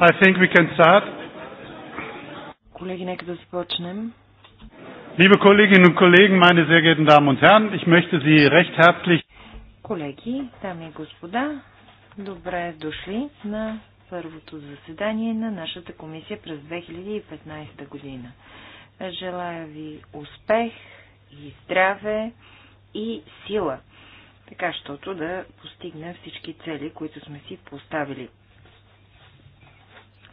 I think we can start. Колеги, нека да започнем. Liebe Kolleginnen und Kollegen, meine sehr geehrten Damen und Herren, ich möchte Sie recht herzlich. Колеги, дами и господа, добре дошли на първото заседание на нашата комисия през 2015 година. Желая ви успех и здраве и сила, така щото да постигнем всички цели, които сме си поставили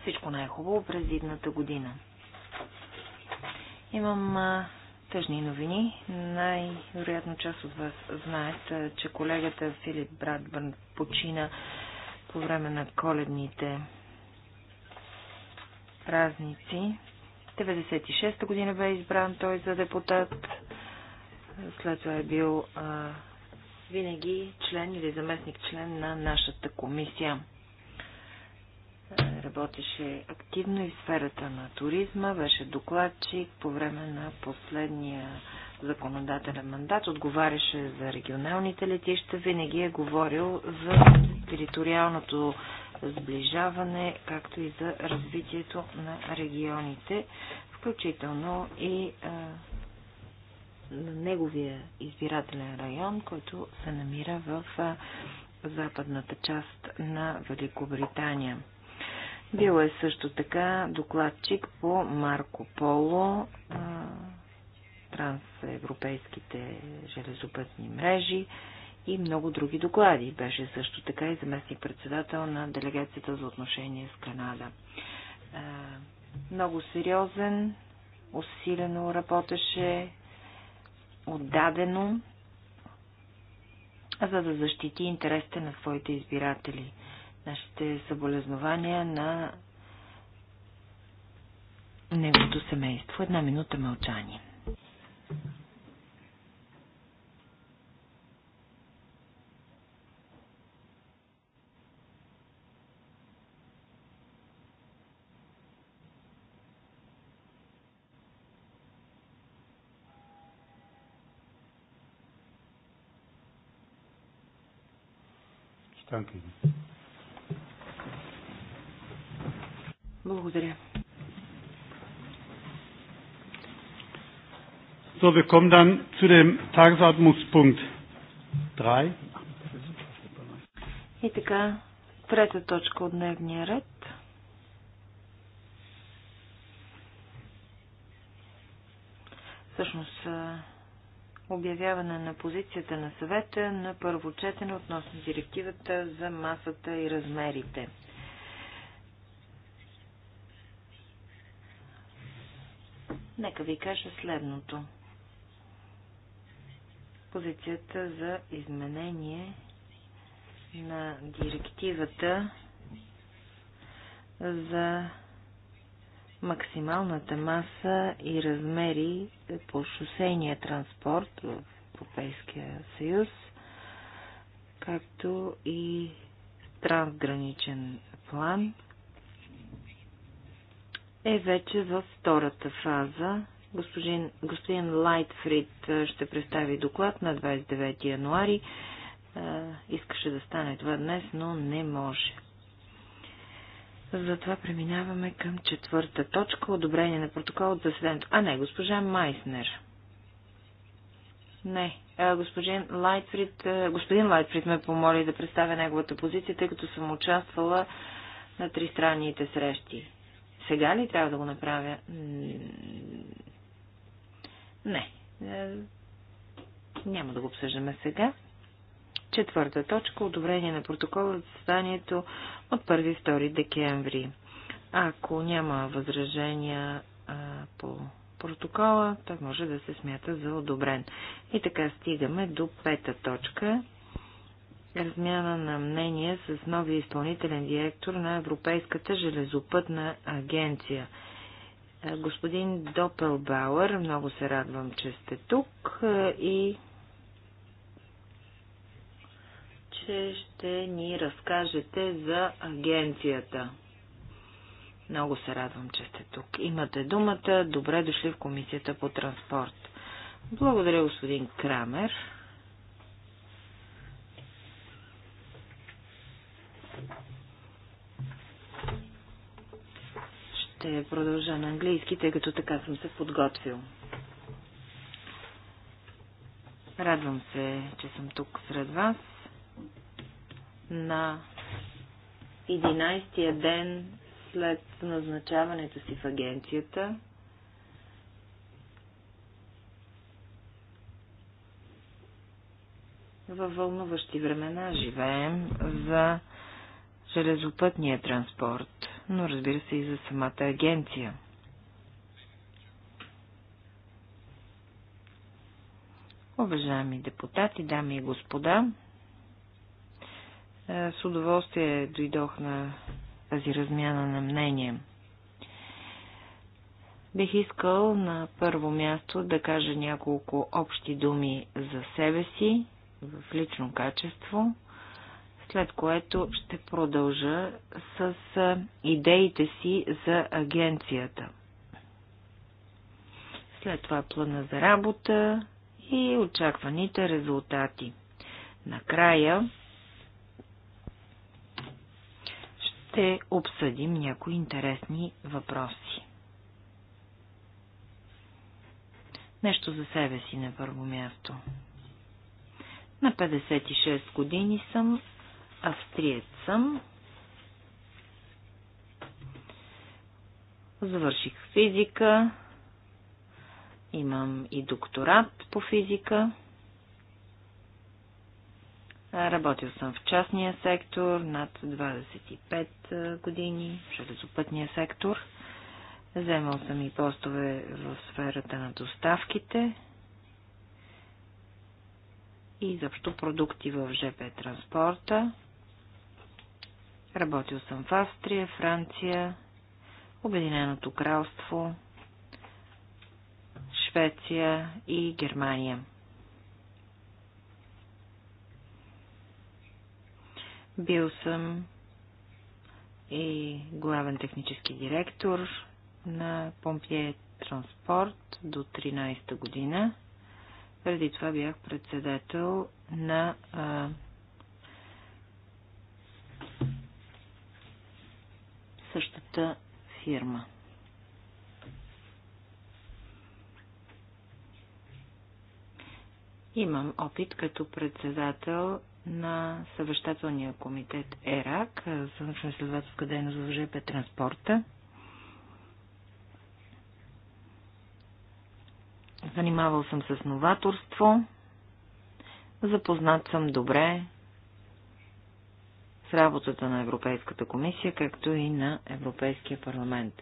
всичко най-хубаво през идната година. Имам а, тъжни новини. Най-вероятно част от вас знаят, а, че колегата Филип Брадбърн почина по време на коледните празници. 96-та година бе избран той за депутат. След това е бил а, винаги член или заместник член на нашата комисия. Е, работеше активно и в сферата на туризма, беше докладчик по време на последния законодателен мандат, отговаряше за регионалните летища, винаги е говорил за териториалното сближаване, както и за развитието на регионите, включително и а, е, на неговия избирателен район, който се намира в а, е, западната част на Великобритания. Бил е също така докладчик по Марко Поло, трансевропейските железопътни мрежи и много други доклади. Беше също така и заместник председател на делегацията за отношение с Канада. Много сериозен, усилено работеше, отдадено, за да защити интересите на своите избиратели – нашите съболезнования на неговото семейство. Една минута мълчание. wir kommen dann zu dem Tagesordnungspunkt 3. И така, трета точка от дневния ред. Всъщност, обявяване на позицията на съвета на първо четене относно директивата за масата и размерите. Нека ви кажа следното позицията за изменение на директивата за максималната маса и размери по шосейния транспорт в Европейския съюз, както и трансграничен план е вече във втората фаза Господин, господин Лайтфрид ще представи доклад на 29 януари. Искаше да стане това днес, но не може. Затова преминаваме към четвърта точка. Одобрение на протокол от заседанието. А не, госпожа Майснер. Не. Господин Лайтфрид, господин Лайтфрид ме помоли да представя неговата позиция, тъй като съм участвала на тристранните срещи. Сега ли трябва да го направя? Не. Е, няма да го обсъждаме сега. Четвърта точка – одобрение на протокола от състоянието от 1-2 декември. Ако няма възражения а, по протокола, той може да се смята за одобрен. И така стигаме до пета точка – размяна на мнение с новия изпълнителен директор на Европейската железопътна агенция – Господин Допелбауър, много се радвам, че сте тук и че ще ни разкажете за агенцията. Много се радвам, че сте тук. Имате думата. Добре дошли в Комисията по транспорт. Благодаря, господин Крамер. Ще продължа на английски, тъй като така съм се подготвил. Радвам се, че съм тук сред вас на 11-я ден след назначаването си в агенцията. Във вълнуващи времена живеем за железопътния транспорт но разбира се и за самата агенция. Уважаеми депутати, дами и господа, е, с удоволствие дойдох на тази размяна на мнение. Бих искал на първо място да кажа няколко общи думи за себе си в лично качество след което ще продължа с идеите си за агенцията. След това плана за работа и очакваните резултати. Накрая ще обсъдим някои интересни въпроси. Нещо за себе си на първо място. На 56 години съм Австриец съм. Завърших физика. Имам и докторат по физика. Работил съм в частния сектор над 25 години, в железопътния сектор. Вземал съм и постове в сферата на доставките и защо продукти в ЖП транспорта. Работил съм в Австрия, Франция, Обединеното кралство, Швеция и Германия. Бил съм и главен технически директор на Помпие Транспорт до 13-та година. Преди това бях председател на същата фирма. Имам опит като председател на съвещателния комитет ЕРАК за научно дейност в ЖП транспорта. Занимавал съм с новаторство. Запознат съм добре с работата на Европейската комисия, както и на Европейския парламент.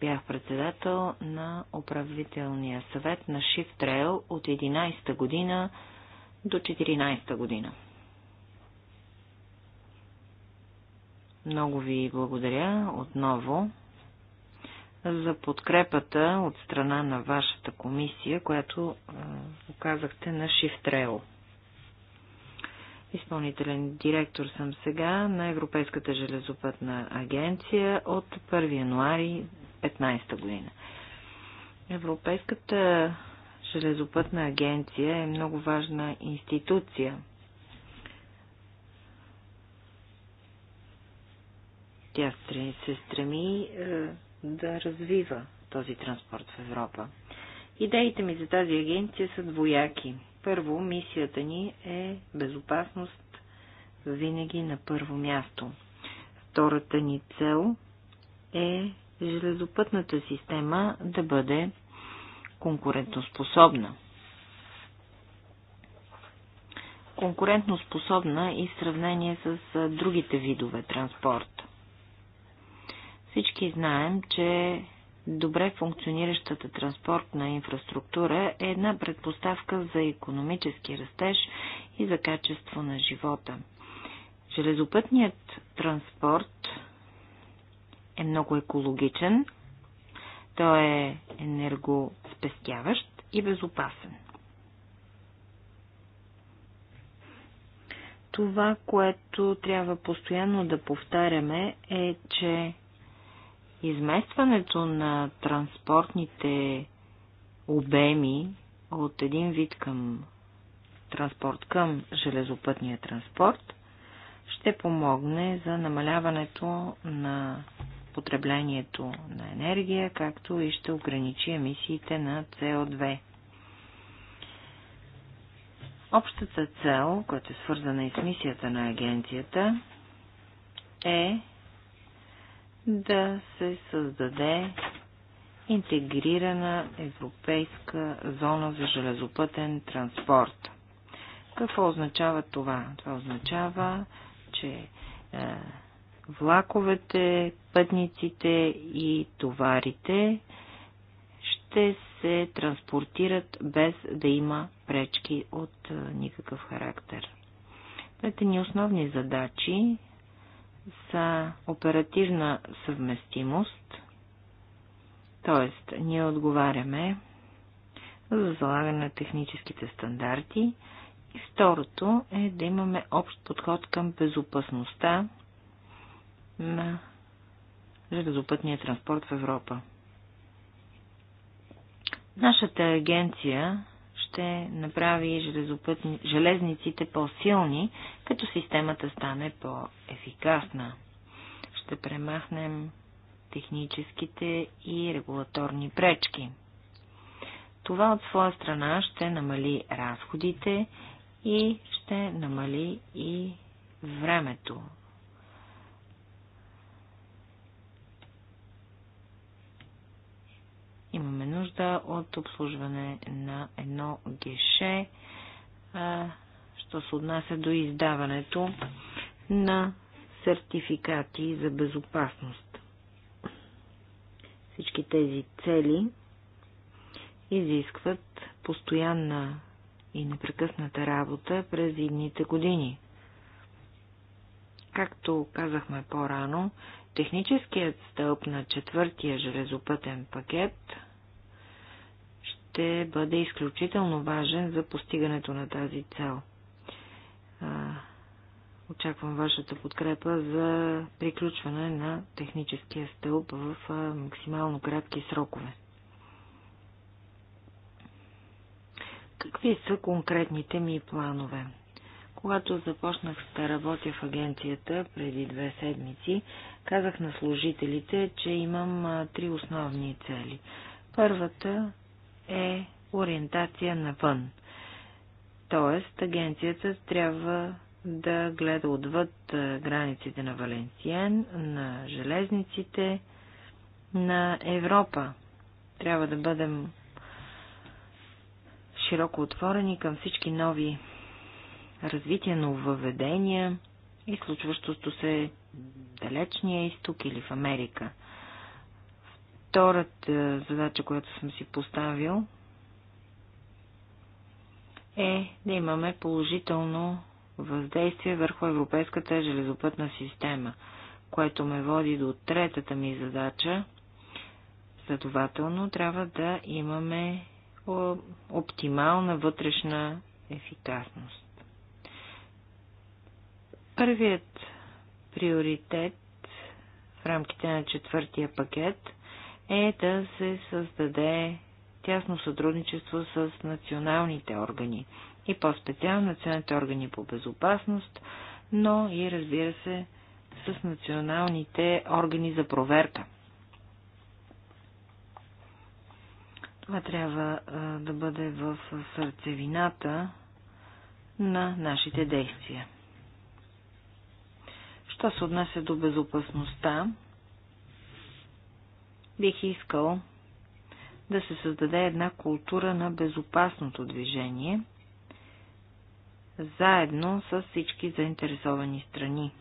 Бях председател на управителния съвет на Shift Rail от 11-та година до 14-та година. Много ви благодаря отново за подкрепата от страна на вашата комисия, която оказахте на Shift Rail. Изпълнителен директор съм сега на Европейската железопътна агенция от 1 януари 2015 година. Европейската железопътна агенция е много важна институция. Тя се стреми е, да развива този транспорт в Европа. Идеите ми за тази агенция са двояки – първо, мисията ни е безопасност винаги на първо място. Втората ни цел е железопътната система да бъде конкурентоспособна. Конкурентоспособна и в сравнение с другите видове транспорт. Всички знаем, че добре функциониращата транспортна инфраструктура е една предпоставка за економически растеж и за качество на живота. Железопътният транспорт е много екологичен, той е енергоспестяващ и безопасен. Това, което трябва постоянно да повтаряме е, че Изместването на транспортните обеми от един вид към транспорт към железопътния транспорт ще помогне за намаляването на потреблението на енергия, както и ще ограничи емисиите на CO2. Общата цел, която е свързана и с мисията на агенцията, е да се създаде интегрирана европейска зона за железопътен транспорт. Какво означава това? Това означава, че е, влаковете, пътниците и товарите ще се транспортират без да има пречки от е, никакъв характер. Двете ни основни задачи за оперативна съвместимост, т.е. ние отговаряме за залагане на техническите стандарти и второто е да имаме общ подход към безопасността на железопътния транспорт в Европа. Нашата агенция ще направи железниците по-силни, като системата стане по-ефикасна. Ще премахнем техническите и регулаторни пречки. Това от своя страна ще намали разходите и ще намали и времето Имаме нужда от обслужване на едно геше, що се отнася до издаването на сертификати за безопасност. Всички тези цели изискват постоянна и непрекъсната работа през идните години. Както казахме по-рано, техническият стълб на четвъртия железопътен пакет ще бъде изключително важен за постигането на тази цел. Очаквам вашата подкрепа за приключване на техническия стълб в максимално кратки срокове. Какви са конкретните ми планове? Когато започнах да работя в агенцията преди две седмици, казах на служителите, че имам три основни цели. Първата е ориентация навън. Тоест, агенцията трябва да гледа отвъд границите на Валенсиен, на железниците, на Европа. Трябва да бъдем широко отворени към всички нови развитие на въведения и случващото се далечния изток или в Америка. Втората е, задача, която съм си поставил, е да имаме положително въздействие върху европейската железопътна система, което ме води до третата ми задача. Следователно, трябва да имаме оптимална вътрешна ефикасност. Първият приоритет в рамките на четвъртия пакет е да се създаде тясно сътрудничество с националните органи и по-специално националните органи по безопасност, но и разбира се с националните органи за проверка. Това трябва да бъде в сърцевината на нашите действия. Що се отнася до безопасността, бих искал да се създаде една култура на безопасното движение, заедно с всички заинтересовани страни.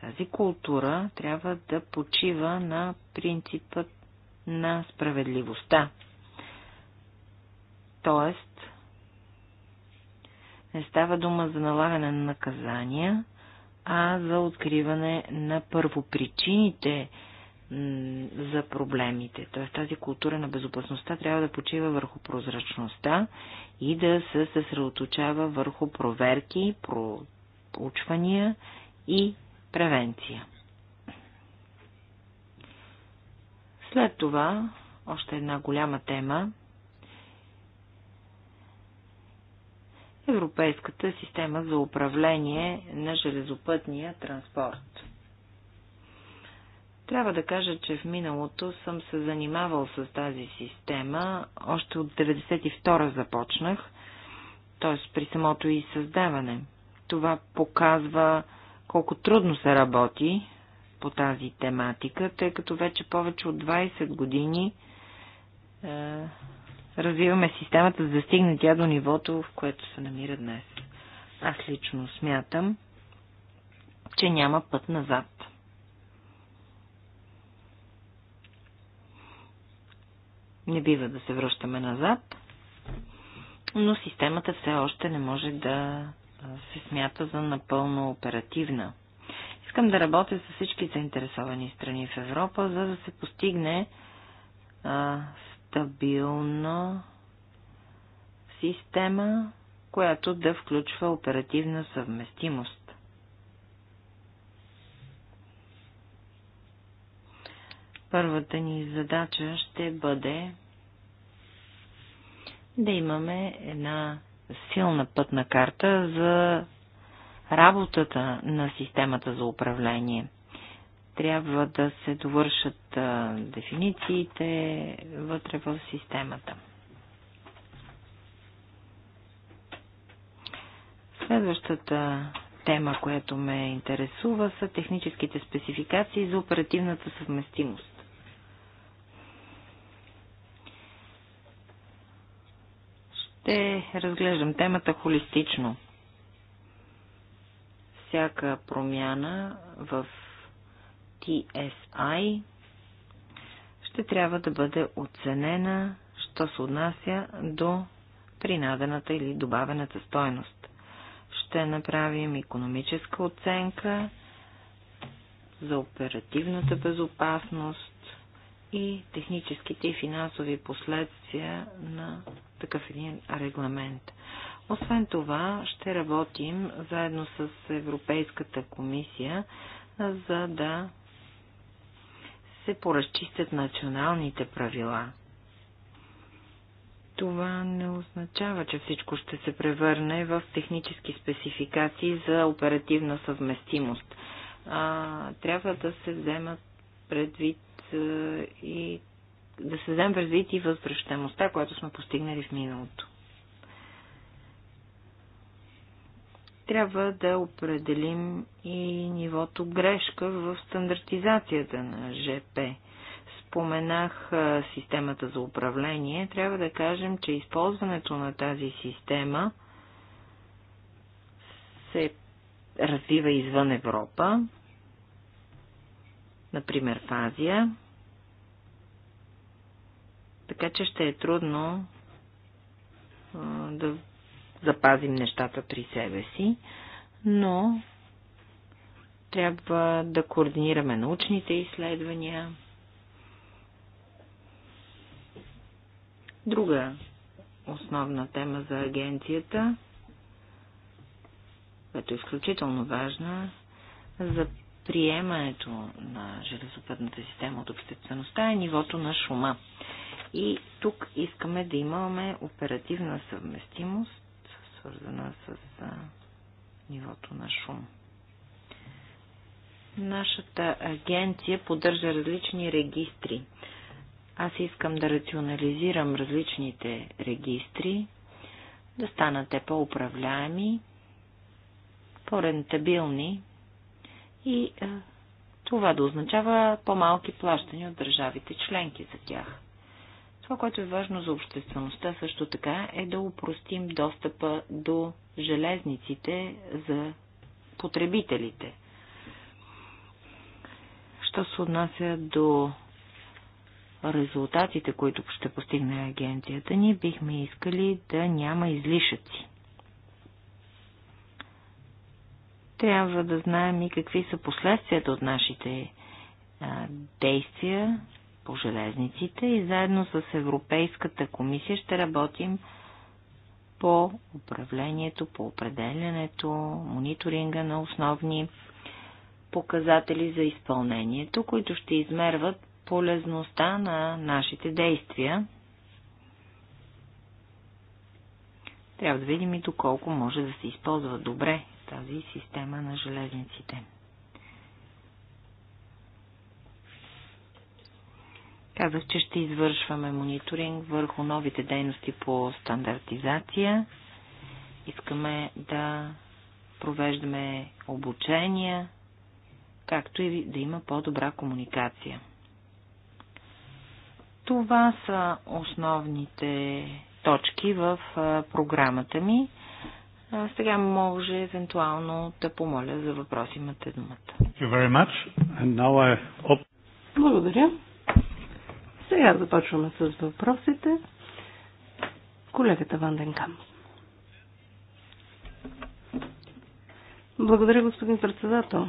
Тази култура трябва да почива на принципът на справедливостта. Тоест, не става дума за налагане на наказания, а за откриване на първопричините за проблемите. Т.е. тази култура на безопасността трябва да почива върху прозрачността и да се съсредоточава върху проверки, проучвания и превенция. След това, още една голяма тема, Европейската система за управление на железопътния транспорт. Трябва да кажа, че в миналото съм се занимавал с тази система. Още от 92 започнах, т.е. при самото и създаване. Това показва колко трудно се работи по тази тематика, тъй като вече повече от 20 години е, развиваме системата, за да стигне тя до нивото, в което се намира днес. Аз лично смятам, че няма път назад. Не бива да се връщаме назад, но системата все още не може да се смята за напълно оперативна. Искам да работя с всички заинтересовани страни в Европа, за да се постигне а, стабилна система, която да включва оперативна съвместимост. Първата ни задача ще бъде да имаме една силна пътна карта за работата на системата за управление – трябва да се довършат дефинициите вътре в системата. Следващата тема, която ме интересува, са техническите спецификации за оперативната съвместимост. Ще разглеждам темата холистично. Всяка промяна в TSI ще трябва да бъде оценена, що се отнася до принадената или добавената стойност. Ще направим економическа оценка за оперативната безопасност и техническите и финансови последствия на такъв един регламент. Освен това, ще работим заедно с Европейската комисия, за да се поразчистят националните правила. Това не означава, че всичко ще се превърне в технически спецификации за оперативна съвместимост. А, трябва да се вземат предвид и да се вземе предвид и възвръщаемостта, която сме постигнали в миналото. трябва да определим и нивото грешка в стандартизацията на ЖП. Споменах системата за управление. Трябва да кажем, че използването на тази система се развива извън Европа, например в Азия, така че ще е трудно да запазим нещата при себе си, но трябва да координираме научните изследвания. Друга основна тема за агенцията, която е изключително важна, за приемането на железопътната система от обществеността е нивото на шума. И тук искаме да имаме оперативна съвместимост свързана с нивото на шум. Нашата агенция поддържа различни регистри. Аз искам да рационализирам различните регистри, да станат те по-управляеми, по-рентабилни и а, това да означава по-малки плащания от държавите членки за тях. Това, което е важно за обществеността също така е да упростим достъпа до железниците за потребителите. Що се отнася до резултатите, които ще постигне агенцията, ние бихме искали да няма излишъци. Трябва да знаем и какви са последствията от нашите а, действия по железниците и заедно с Европейската комисия ще работим по управлението, по определянето, мониторинга на основни показатели за изпълнението, които ще измерват полезността на нашите действия. Трябва да видим и доколко може да се използва добре тази система на железниците. Казах, че ще извършваме мониторинг върху новите дейности по стандартизация. Искаме да провеждаме обучения, както и да има по-добра комуникация. Това са основните точки в програмата ми. Сега може евентуално да помоля за въпроси. Имате думата. Благодаря. Сега започваме с въпросите. Колегата Ванденкам. Благодаря, господин председател.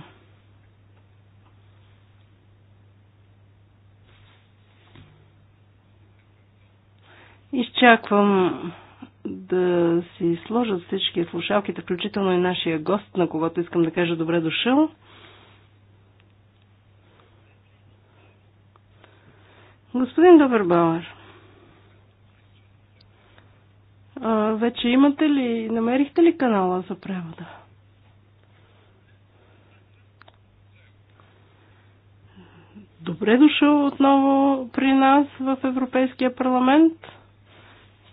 Изчаквам да си сложат всички слушалките, включително и нашия гост, на когото искам да кажа добре дошъл. Господин Добърбауер, вече имате ли, намерихте ли канала за превода? Добре дошъл отново при нас в Европейския парламент.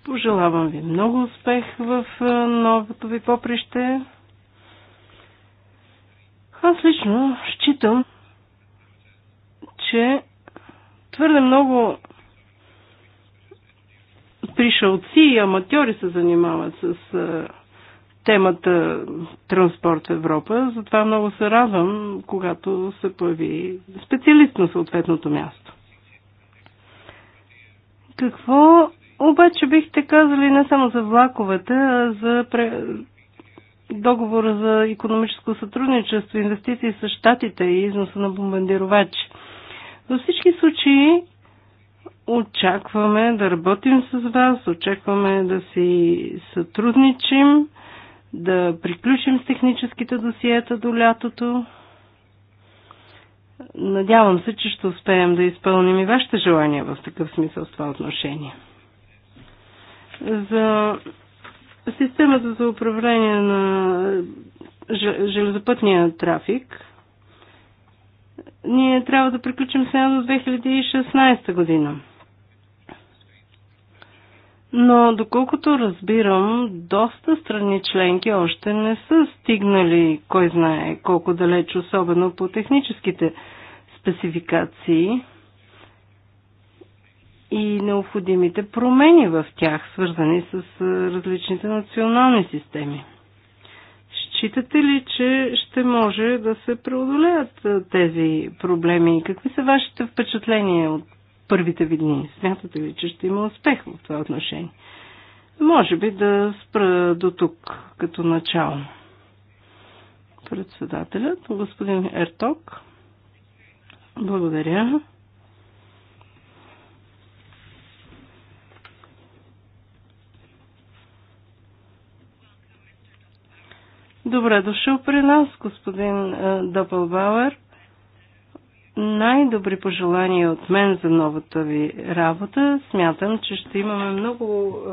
Пожелавам ви много успех в новото ви поприще. Аз лично считам, че твърде много пришелци и аматьори се занимават с темата транспорт в Европа. Затова много се радвам, когато се появи специалист на съответното място. Какво обаче бихте казали не само за влаковете, а за договора за економическо сътрудничество, инвестиции с щатите и износа на бомбандировачи? Във всички случаи очакваме да работим с вас, очакваме да си сътрудничим, да приключим с техническите досиета до лятото. Надявам се, че ще успеем да изпълним и вашите желания в такъв смисъл с това отношение. За системата за управление на железопътния трафик ние трябва да приключим сега до 2016 година. Но доколкото разбирам, доста страни членки още не са стигнали, кой знае колко далеч, особено по техническите спецификации и необходимите промени в тях, свързани с различните национални системи. Считате ли, че ще може да се преодолеят тези проблеми? Какви са вашите впечатления от първите ви дни? Смятате ли, че ще има успех в това отношение? Може би да спра до тук като начало. Председателят, господин Ерток. Благодаря. Добре дошъл при нас, господин е, Допълбауер. Най-добри пожелания от мен за новата ви работа. Смятам, че ще имаме много е,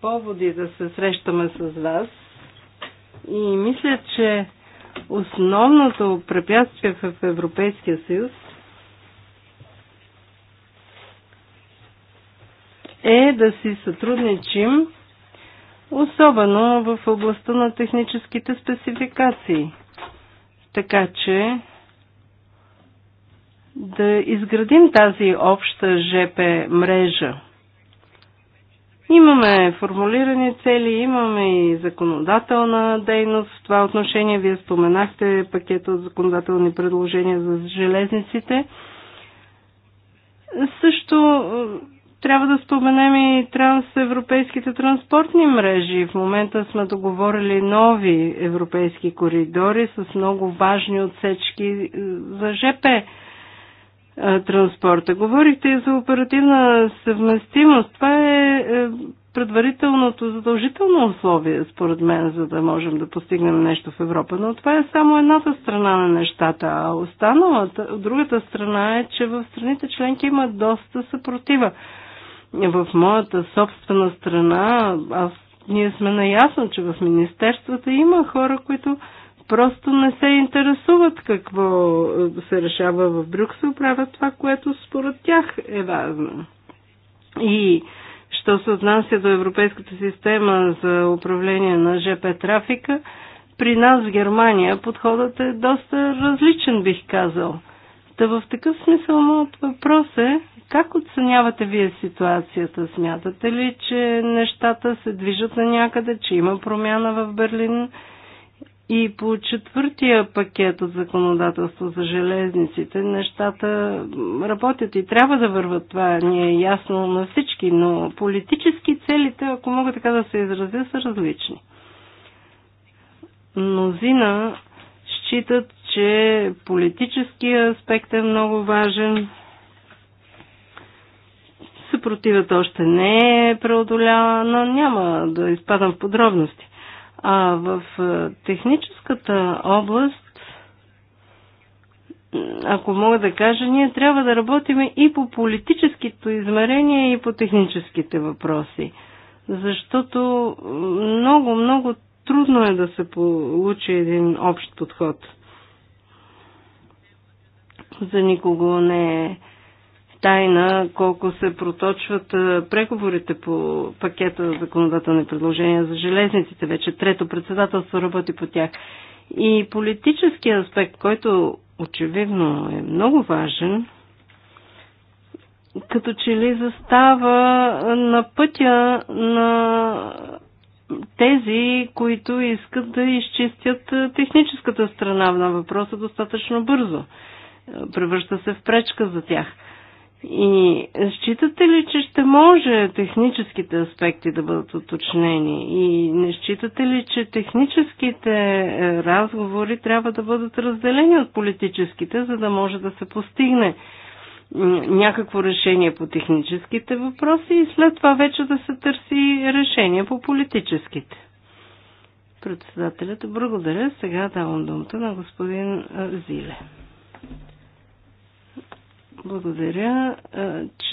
поводи да се срещаме с вас. И мисля, че основното препятствие в Европейския съюз е да си сътрудничим особено в областта на техническите спецификации. Така че да изградим тази обща ЖП мрежа. Имаме формулирани цели, имаме и законодателна дейност. В това отношение вие споменахте пакета от законодателни предложения за железниците. Също трябва да споменем и трансевропейските транспортни мрежи. В момента сме договорили нови европейски коридори с много важни отсечки е, за ЖП е, транспорта. Говорихте и за оперативна съвместимост. Това е, е предварителното задължително условие, според мен, за да можем да постигнем нещо в Европа. Но това е само едната страна на нещата, а останалата, другата страна е, че в страните членки има доста съпротива в моята собствена страна, аз, ние сме наясно, че в министерствата има хора, които просто не се интересуват какво се решава в Брюксел, правят това, което според тях е важно. И що се отнася до Европейската система за управление на ЖП трафика, при нас в Германия подходът е доста различен, бих казал. Та в такъв смисъл моят въпрос е, как оценявате вие ситуацията? Смятате ли, че нещата се движат на някъде, че има промяна в Берлин? И по четвъртия пакет от законодателство за железниците нещата работят и трябва да върват. Това ни е ясно на всички, но политически целите, ако мога така да се изразя, са различни. Мнозина считат, че политическия аспект е много важен. Съпротивът още не е преодоляна, няма да изпадам в подробности. А в е, техническата област ако мога да кажа, ние трябва да работиме и по политическите измерения, и по техническите въпроси. Защото много, много трудно е да се получи един общ подход. За никого не е тайна колко се проточват преговорите по пакета за законодателни предложения за железниците. Вече трето председателство работи по тях. И политическия аспект, който очевидно е много важен, като че ли застава на пътя на тези, които искат да изчистят техническата страна на въпроса е достатъчно бързо превръща се в пречка за тях. И считате ли, че ще може техническите аспекти да бъдат уточнени? И не считате ли, че техническите е, разговори трябва да бъдат разделени от политическите, за да може да се постигне някакво решение по техническите въпроси и след това вече да се търси решение по политическите? Председателят, благодаря. Сега давам думата на господин е, Зиле. Благодаря.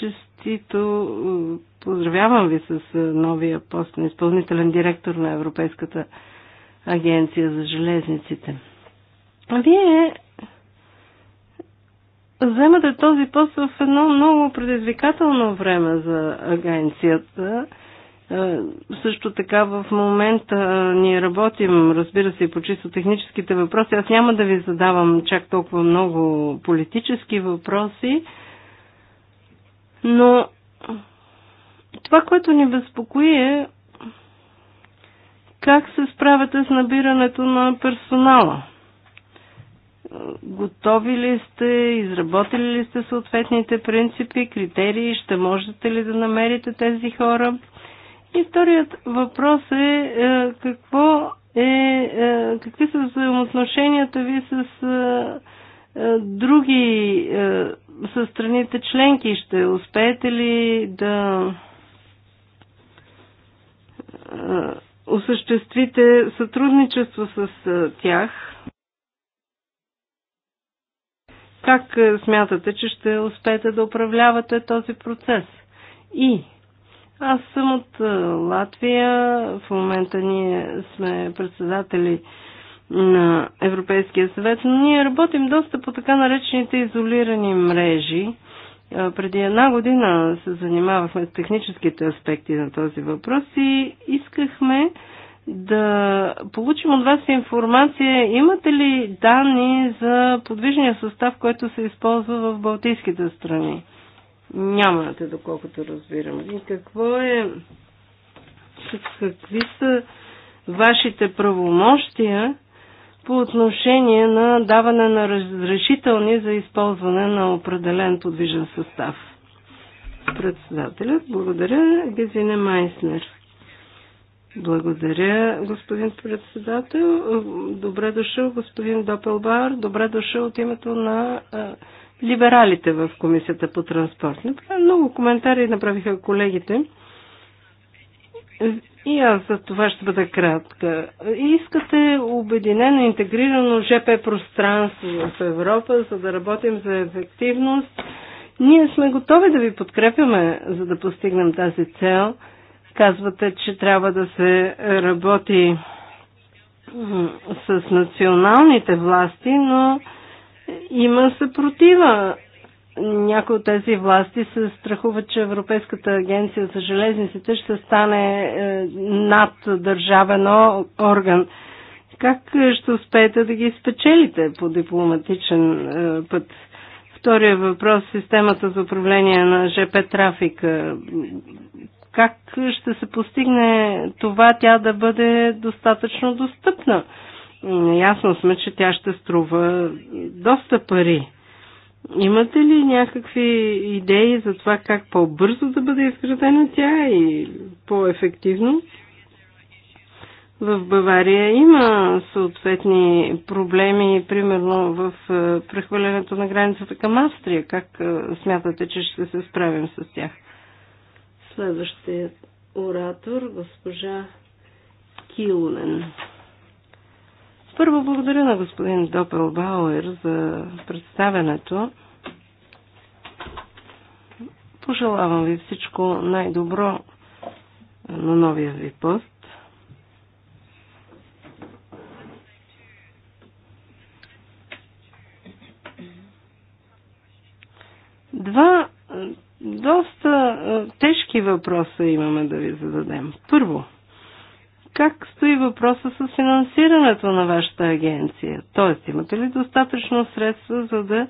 Честито поздравявам ви с новия пост на изпълнителен директор на Европейската агенция за железниците. А вие вземате този пост в едно много предизвикателно време за агенцията е, също така в момента е, ние работим, разбира се, по чисто техническите въпроси. Аз няма да ви задавам чак толкова много политически въпроси, но това, което ни безпокои е как се справяте с набирането на персонала. Е, готови ли сте, изработили ли сте съответните принципи, критерии, ще можете ли да намерите тези хора? И вторият въпрос е, е какво е, е, какви са взаимоотношенията ви с е, други, с страните членки? Ще успеете ли да осъществите сътрудничество с тях? Как смятате, че ще успеете да управлявате този процес? И аз съм от е, Латвия. В момента ние сме председатели на Европейския съвет, но ние работим доста по така наречените изолирани мрежи. Е, преди една година се занимавахме с техническите аспекти на този въпрос и искахме да получим от вас информация. Имате ли данни за подвижния състав, който се използва в Балтийските страни? нямате, доколкото разбирам. И какво е, какви са вашите правомощия по отношение на даване на разрешителни за използване на определен подвижен състав? Председателят, благодаря, Гезине Майснер. Благодаря, господин председател. Добре дошъл, господин Допелбар. Добре дошъл от името на либералите в Комисията по транспорт. Но много коментари направиха колегите. И аз за това ще бъда кратка. Искате обединено, интегрирано ЖП пространство в Европа, за да работим за ефективност. Ние сме готови да ви подкрепяме, за да постигнем тази цел. Казвате, че трябва да се работи с националните власти, но има съпротива. Някои от тези власти се страхуват, че Европейската агенция за железниците ще стане е, над държавен орган. Как е, ще успеете да ги спечелите по дипломатичен е, път? Втория въпрос – системата за управление на ЖП трафика. Как ще се постигне това тя да бъде достатъчно достъпна? Ясно сме, че тя ще струва доста пари. Имате ли някакви идеи за това как по-бързо да бъде изградена тя и по-ефективно? В Бавария има съответни проблеми, примерно в е, прехвърлянето на границата към Австрия. Как е, смятате, че ще се справим с тях? Следващият оратор, госпожа Килунен. Първо благодаря на господин Допел Бауер за представенето. Пожелавам ви всичко най-добро на новия ви пост. Два доста тежки въпроса имаме да ви зададем. Първо – как стои въпроса с финансирането на вашата агенция? Тоест, имате ли достатъчно средства, за да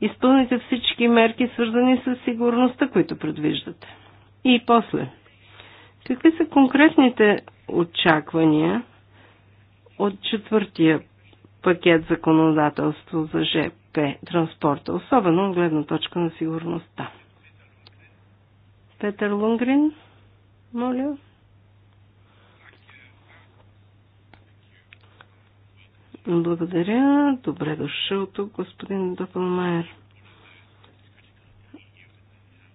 изпълните всички мерки, свързани с сигурността, които предвиждате? И после, какви са конкретните очаквания от четвъртия пакет законодателство за ЖП транспорта, особено от гледна точка на сигурността? Петър Лунгрин, моля. Благодаря. Добре дошъл тук, господин Допълмайер.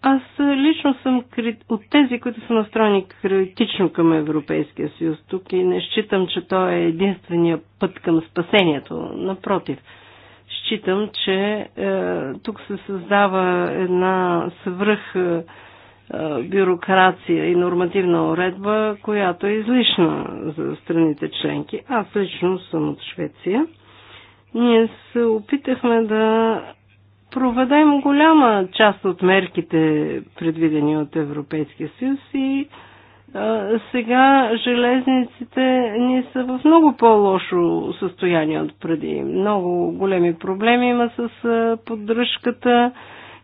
Аз лично съм от тези, които са настроени критично към Европейския съюз тук и не считам, че той е единствения път към спасението. Напротив, считам, че е, тук се създава една съвръх Е, бюрокрация и нормативна уредба, която е излишна за страните членки. Аз лично съм от Швеция. Ние се опитахме да проведем голяма част от мерките, предвидени от Европейския съюз и а, сега железниците ни са в много по-лошо състояние от преди. Много големи проблеми има с поддръжката,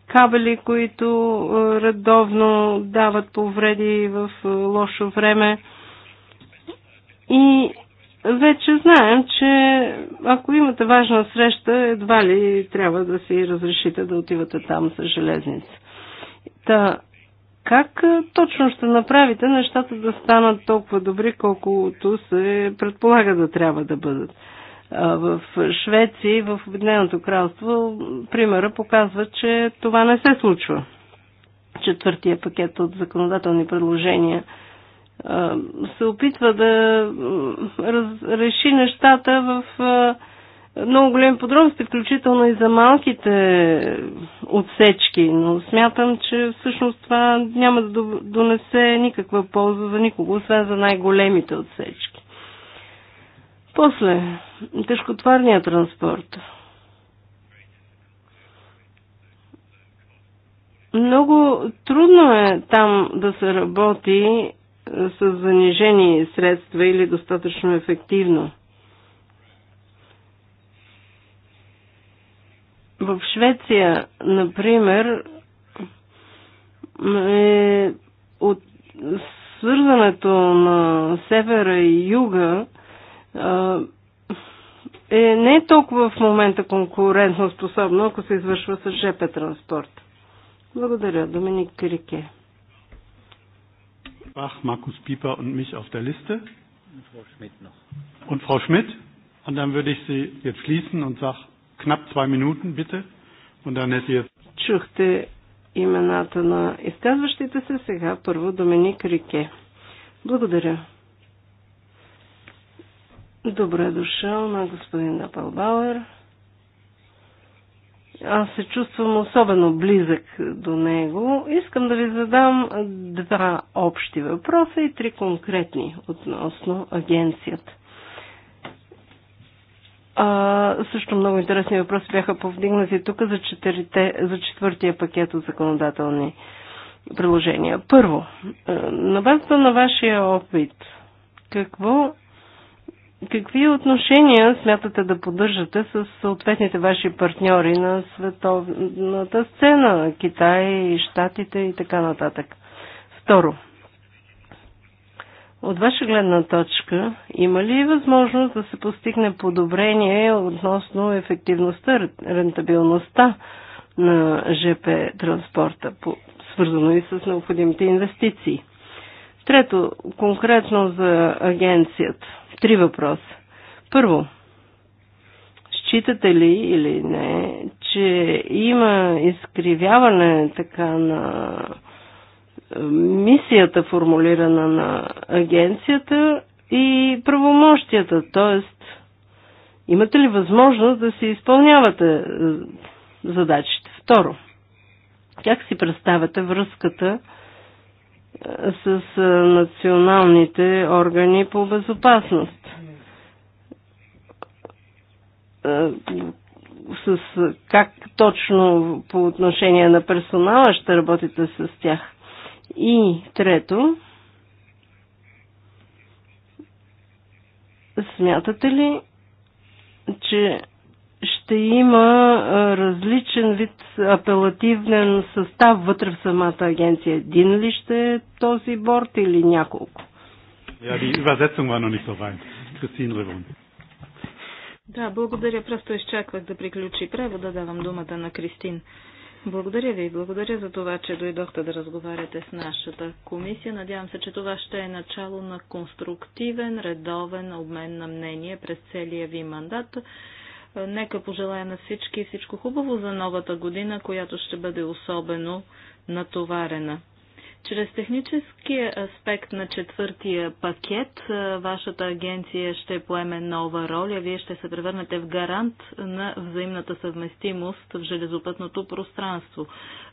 кабели, които е, редовно дават повреди в е, лошо време. И вече знаем, че ако имате важна среща, едва ли трябва да си разрешите да отивате там с железница. Та, как е, точно ще направите нещата да станат толкова добри, колкото се предполага да трябва да бъдат? в Швеция и в Обединеното кралство примера показва, че това не се случва. Четвъртия пакет от законодателни предложения се опитва да реши нещата в много големи подробности, включително и за малките отсечки, но смятам, че всъщност това няма да донесе никаква полза за никого, освен за най-големите отсечки. После, тежкотварния транспорт. Много трудно е там да се работи е, с занижени средства или достатъчно ефективно. В Швеция, например, е от свързването на севера и юга е, не е толкова в момента конкурентно способно, ако се извършва с ЖП транспорт. Благодаря, Доминик Крике. Ах, Маркус Пипа и мих в der листа. И фрау Шмидт. И dann würde ich sie jetzt schließen und sag knapp zwei Minuten, bitte. Und dann hätte jetzt... Чухте имената на изказващите се сега. Първо Доминик Рике. Благодаря. Добре дошъл на господин Бауер. Аз се чувствам особено близък до него. Искам да ви задам два общи въпроса и три конкретни относно агенцията. А, също много интересни въпроси бяха повдигнати тук за, четирите, за четвъртия пакет от законодателни приложения. Първо, е, на базата на вашия опит, какво Какви отношения смятате да поддържате с съответните ваши партньори на световната сцена, Китай, Штатите и така нататък? Второ, от ваша гледна точка, има ли възможност да се постигне подобрение относно ефективността, рентабилността на ЖП транспорта, свързано и с необходимите инвестиции? Трето, конкретно за агенцията. Три въпроса. Първо, считате ли или не, че има изкривяване така на е, мисията формулирана на агенцията и правомощията, т.е. имате ли възможност да си изпълнявате е, задачите? Второ, как си представяте връзката с националните органи по безопасност. С как точно по отношение на персонала ще работите с тях? И трето, смятате ли, че ще има различен вид апелативен състав вътре в самата агенция. Един ли ще е този борт или няколко? Да, благодаря. Просто изчаквах да приключи превода. Давам думата на Кристин. Благодаря ви. Благодаря за това, че дойдохте да разговаряте с нашата комисия. Надявам се, че това ще е начало на конструктивен, редовен обмен на мнение през целия ви мандат. Нека пожелая на всички всичко хубаво за новата година, която ще бъде особено натоварена. Чрез техническия аспект на четвъртия пакет, вашата агенция ще поеме нова роля. Вие ще се превърнете в гарант на взаимната съвместимост в железопътното пространство.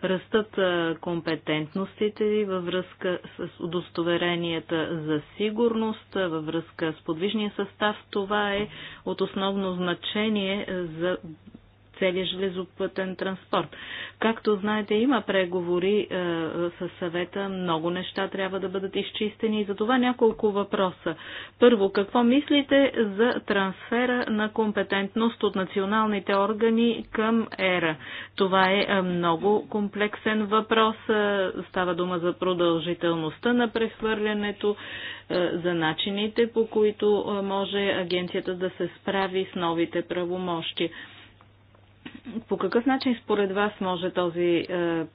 Растат компетентностите ви във връзка с удостоверенията за сигурност, във връзка с подвижния състав. Това е от основно значение за целият железопътен транспорт. Както знаете, има преговори е, с съвета, много неща трябва да бъдат изчистени и за това няколко въпроса. Първо, какво мислите за трансфера на компетентност от националните органи към ЕРА? Това е, е много комплексен въпрос. Е, става дума за продължителността на прехвърлянето, е, за начините по които може агенцията да се справи с новите правомощи. По какъв начин според вас може този е,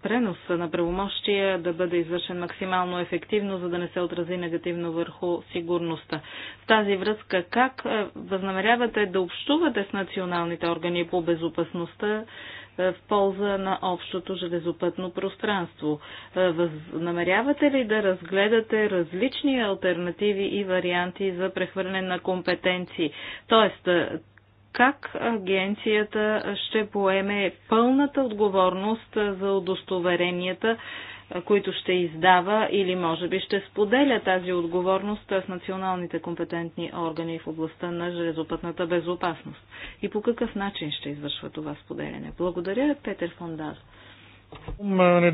пренос на правомощия да бъде извършен максимално ефективно, за да не се отрази негативно върху сигурността? В тази връзка как е, възнамерявате да общувате с националните органи по безопасността е, в полза на общото железопътно пространство? Възнамерявате ли да разгледате различни альтернативи и варианти за прехвърляне на компетенции? Тоест, как агенцията ще поеме пълната отговорност за удостоверенията, които ще издава или може би ще споделя тази отговорност с националните компетентни органи в областта на железопътната безопасност. И по какъв начин ще извършва това споделяне? Благодаря, Петър Фондаз. Е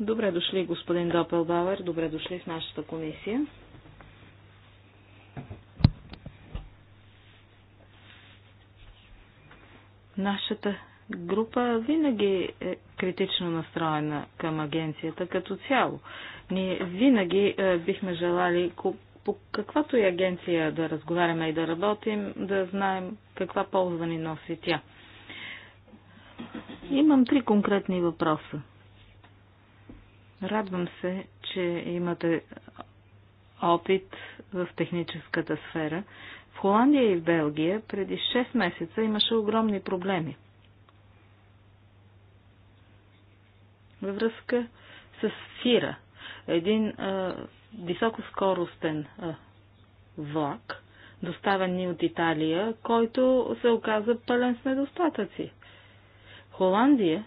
Добре дошли, господин Допелбауер. Добре дошли в нашата комисия. Нашата група винаги е критично настроена към агенцията като цяло. Ние винаги е, бихме желали по каквато и агенция да разговаряме и да работим, да знаем каква полза ни носи тя. Имам три конкретни въпроса. Радвам се, че имате опит в техническата сфера. Холандия и в Белгия преди 6 месеца имаше огромни проблеми. Във връзка с ФИРА, един а, високоскоростен а, влак, доставен ни от Италия, който се оказа пълен с недостатъци. Холандия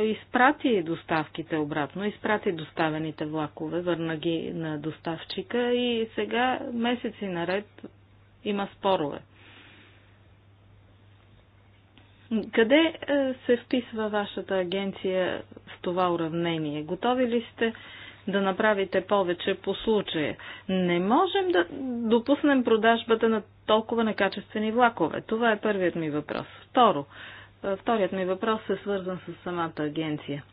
изпрати доставките обратно, изпрати доставените влакове, върна ги на доставчика и сега месеци наред има спорове. Къде е, се вписва вашата агенция в това уравнение? Готови ли сте да направите повече по случая? Не можем да допуснем продажбата на толкова некачествени влакове. Това е първият ми въпрос. Второ, е, вторият ми въпрос е свързан с самата агенция.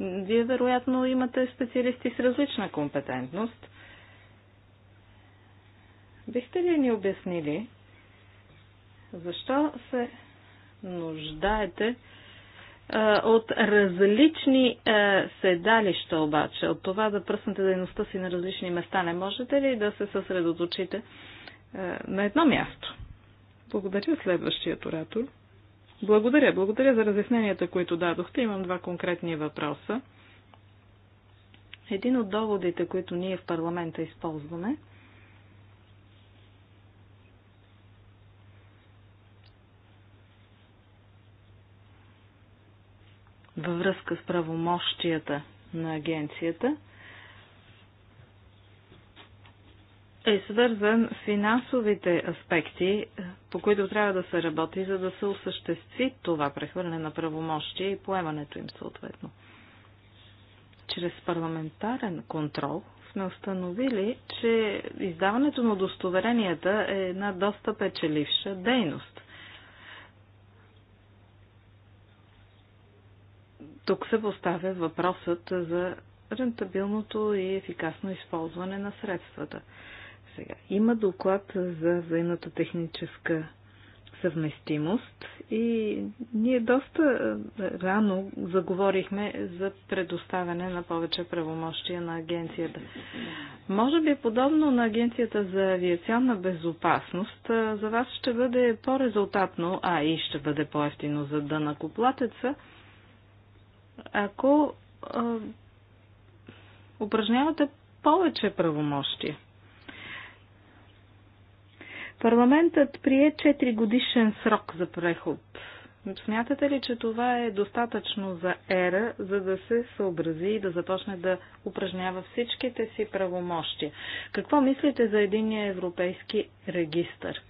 Вие вероятно имате специалисти с различна компетентност – Бихте ли ни обяснили защо се нуждаете а, от различни а, седалища обаче, от това да пръснете дейността си на различни места? Не можете ли да се съсредоточите а, на едно място? Благодаря следващият оратор. Благодаря, благодаря за разясненията, които дадохте. Имам два конкретни въпроса. Един от доводите, които ние в парламента използваме, във връзка с правомощията на агенцията е свързан с финансовите аспекти, по които трябва да се работи, за да се осъществи това прехвърляне на правомощия и поемането им съответно. Чрез парламентарен контрол сме установили, че издаването на удостоверенията е една доста печеливша дейност. Тук се поставя въпросът за рентабилното и ефикасно използване на средствата. Сега, има доклад за взаимната техническа съвместимост и ние доста е, рано заговорихме за предоставяне на повече правомощия на агенцията. Може би подобно на агенцията за авиационна безопасност, е, за вас ще бъде по-резултатно, а и ще бъде по-ефтино за дънакоплатеца, да ако а, упражнявате повече правомощия. Парламентът прие 4 годишен срок за преход. Смятате ли, че това е достатъчно за ера, за да се съобрази и да започне да упражнява всичките си правомощия? Какво мислите за единия европейски регистър?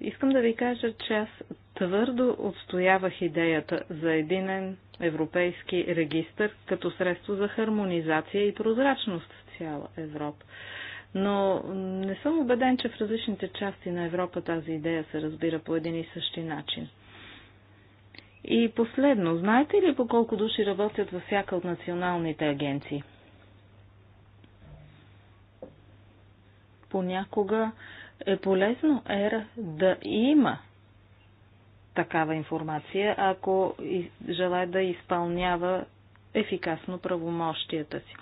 Искам да ви кажа, че аз твърдо отстоявах идеята за единен европейски регистр като средство за хармонизация и прозрачност в цяла Европа. Но не съм убеден, че в различните части на Европа тази идея се разбира по един и същи начин. И последно, знаете ли по колко души работят във всяка от националните агенции? Понякога е полезно ера да има такава информация, ако желая да изпълнява ефикасно правомощията си.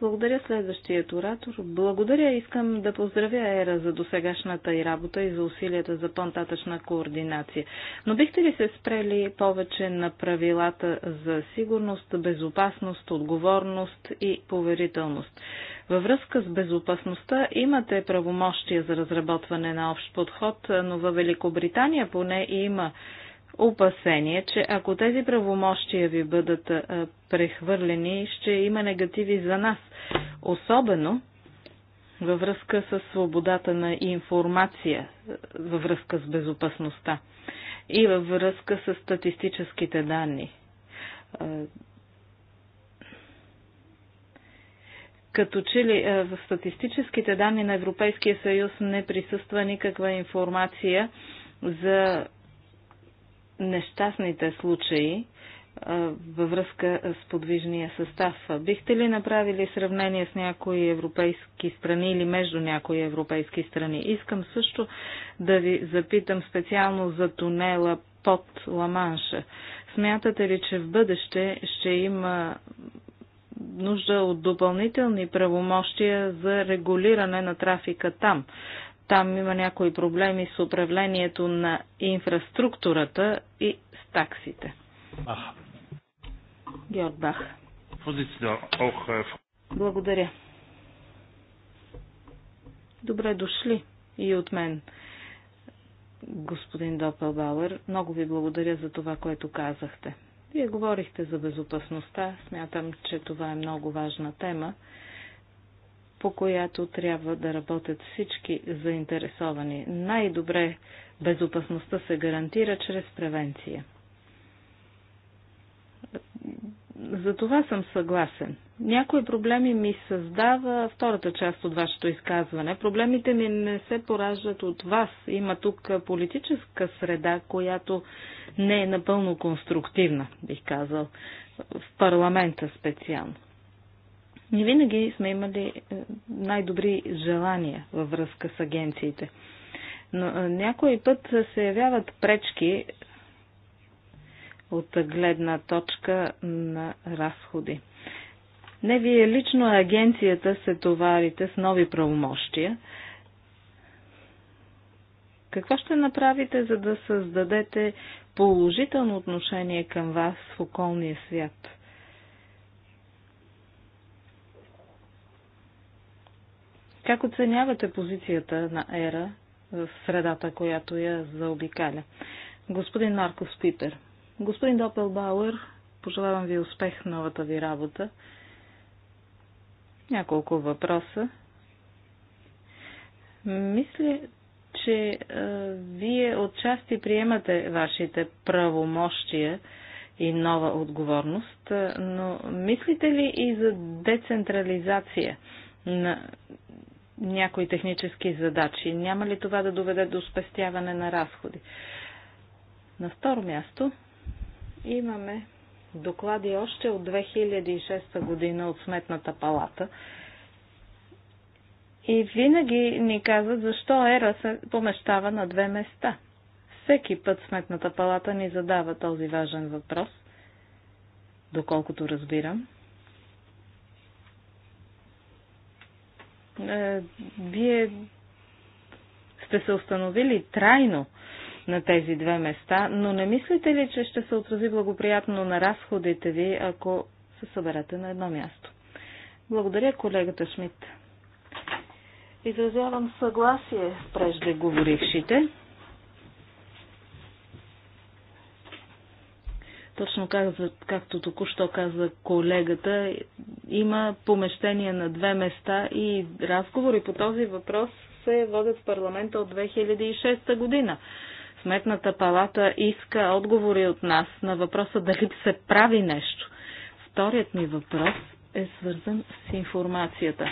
Благодаря следващият оратор. Благодаря. Искам да поздравя Ера за досегашната и работа и за усилията за по-нататъчна координация. Но бихте ли се спрели повече на правилата за сигурност, безопасност, отговорност и поверителност? Във връзка с безопасността имате правомощия за разработване на общ подход, но във Великобритания поне има опасение, че ако тези правомощия ви бъдат прехвърлени, ще има негативи за нас. Особено във връзка с свободата на информация, във връзка с безопасността и във връзка с статистическите данни. Като че ли в статистическите данни на Европейския съюз не присъства никаква информация за нещастните случаи във връзка с подвижния състав. Бихте ли направили сравнение с някои европейски страни или между някои европейски страни? Искам също да ви запитам специално за тунела под Ламанша. Смятате ли, че в бъдеще ще има нужда от допълнителни правомощия за регулиране на трафика там? Там има някои проблеми с управлението на инфраструктурата и с таксите. Ах. Георг Бах. Е, благодаря. Добре дошли и от мен, господин Допелбауер. Много ви благодаря за това, което казахте. Вие говорихте за безопасността. Смятам, че това е много важна тема по която трябва да работят всички заинтересовани. Най-добре безопасността се гарантира чрез превенция. За това съм съгласен. Някои проблеми ми създава втората част от вашето изказване. Проблемите ми не се пораждат от вас. Има тук политическа среда, която не е напълно конструктивна, бих казал, в парламента специално не винаги сме имали е, най-добри желания във връзка с агенциите. Но е, някой път се явяват пречки от гледна точка на разходи. Не вие лично, агенцията се товарите с нови правомощия. Какво ще направите, за да създадете положително отношение към вас в околния свят? Как оценявате позицията на ЕРА в средата, която я заобикаля? Господин Марков Питер. Господин Допелбауер, пожелавам ви успех в новата ви работа. Няколко въпроса. Мисля, че а, е, вие отчасти приемате вашите правомощия и нова отговорност, е, но мислите ли и за децентрализация на някои технически задачи. Няма ли това да доведе до спестяване на разходи? На второ място имаме доклади още от 2006 година от Сметната палата. И винаги ни казват защо ера се помещава на две места. Всеки път Сметната палата ни задава този важен въпрос, доколкото разбирам. Е, вие сте се установили трайно на тези две места, но не мислите ли, че ще се отрази благоприятно на разходите ви, ако се съберете на едно място? Благодаря, колегата Шмидт. Изразявам съгласие с преждеговорившите. Точно каза, както току-що каза колегата, има помещение на две места и разговори по този въпрос се водят в парламента от 2006 година. Сметната палата иска отговори от нас на въпроса дали се прави нещо. Вторият ми въпрос е свързан с информацията.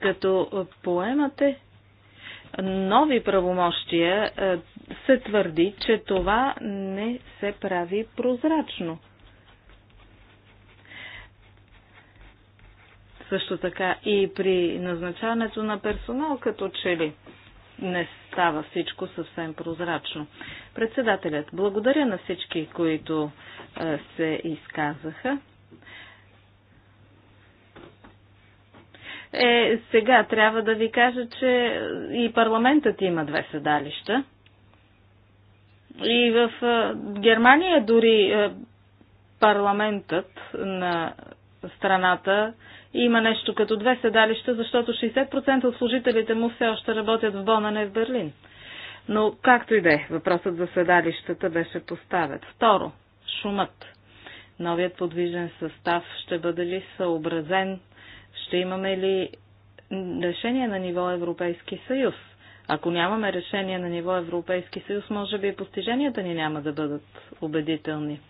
Като поемате нови правомощия, се твърди, че това не се прави прозрачно. Също така и при назначаването на персонал, като че ли не става всичко съвсем прозрачно. Председателят, благодаря на всички, които се изказаха. Е, сега трябва да ви кажа, че и парламентът има две седалища. И в Германия дори парламентът на страната има нещо като две седалища, защото 60% от служителите му все още работят в Бона, не в Берлин. Но както и да е, въпросът за седалищата беше поставен. Второ, шумът. Новият подвижен състав ще бъде ли съобразен? Ще имаме ли решение на ниво Европейски съюз? Ако нямаме решение на ниво Европейски съюз, може би и постиженията ни няма да бъдат убедителни.